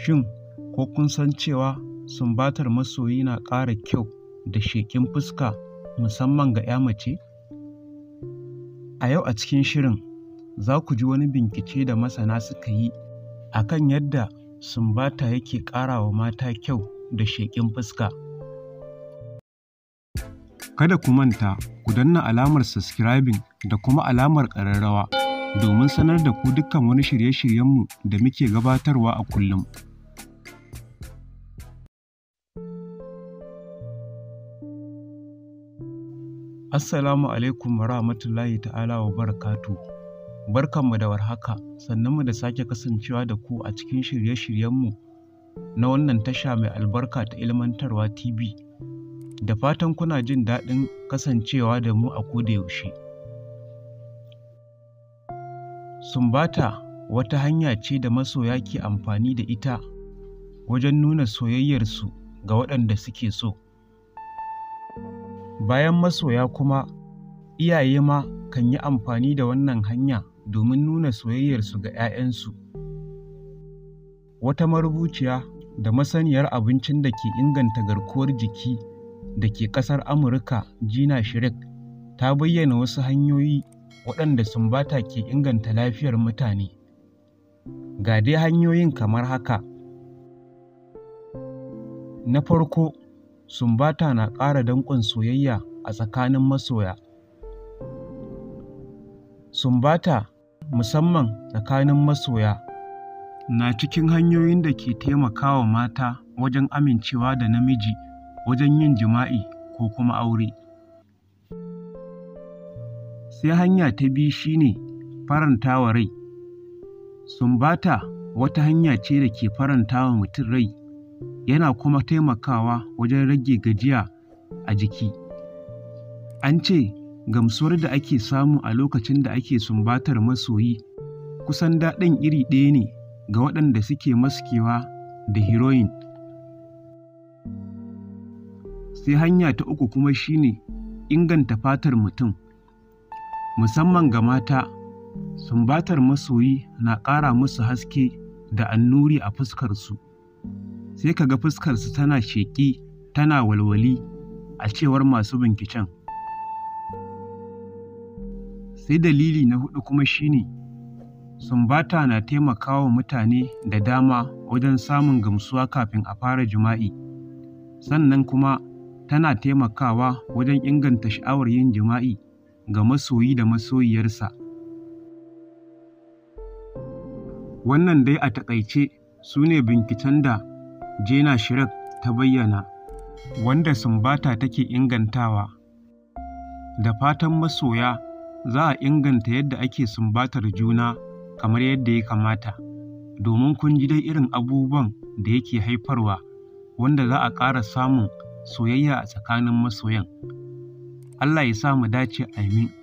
Shin ko kun san cewa sumbatar masoyi na ƙara kyau da sheƙin fuska musamman ga 'ya mace? A yau a cikin shirin za ku ji wani bincike da masana suka yi a kan yadda sumbata yake ƙara wa mata kyau da sheƙin fuska. Kada ku manta ku danna alamar subscribing da kuma alamar ƙararrawa domin sanar da ku dukkan wani shirye-shiryenmu da muke gabatarwa a kullum. Assalamu alaikum wa rahmatullahi ta'ala wa barakatu. Barkanmu da warhaka, sannanmu da sake kasancewa da ku a cikin shirye-shiryenmu na wannan tasha mai albarka ta ilmantarwa TV. Da fatan kuna jin daɗin kasancewa da mu a koda yaushe. Sumbata wata hanya ce da masoya ke amfani da ita wajen nuna soyayyarsu ga waɗanda suke so. Bayan masoya kuma, iyaye ma kan yi amfani da wannan hanya domin nuna soyayyarsu ga 'ya'yansu. Wata marubuciya da masaniyar abincin da ke inganta garkuwar jiki da ke ƙasar Amurka Gina Shrek ta bayyana wasu hanyoyi waɗanda sumbata ke inganta lafiyar mutane. Ga dai hanyoyin kamar haka. Na farko, Sumbata na ƙara danƙon soyayya a tsakanin masoya. Sumbata, musamman tsakanin masoya, na cikin hanyoyin da ke taimakawa mata wajen amincewa da namiji wajen yin jima'i ko kuma aure. Sai hanya ta biyu shi ne farantawa rai. Sumbata wata hanya ce da ke farantawa mutum rai yana kuma taimakawa wajen rage gajiya a jiki. An ce gamsuwar da ake samu a lokacin da ake sumbatar masoyi kusan daɗin iri ɗaya ne ga waɗanda suke maskewa da heroin. Sai hanya ta uku kuma shi ne inganta fatar mutum, musamman ga mata, sumbatar masoyi na ƙara musu haske da annuri a fuskarsu. sai ka ga fuskarsu tana sheƙi tana walwali a cewar masu binciken. Sai dalili na hudu kuma shine sumbata na taimakawa mutane da dama wajen samun gamsuwa kafin a fara jima'i, sannan kuma tana taimakawa wajen inganta sha'awar yin jima'i ga masoyi da masoyiyarsa. Wannan dai a taƙaice su ne binciken da Jena shirak ta bayyana, wanda Sumbata take ingantawa. Da fatan masoya za a inganta yadda ake sumbatar juna kamar yadda ya kamata, domin kun ji dai irin abubuwan da yake haifarwa, wanda za a ƙara samun soyayya a tsakanin masoyan. Allah ya sa mu dace amin.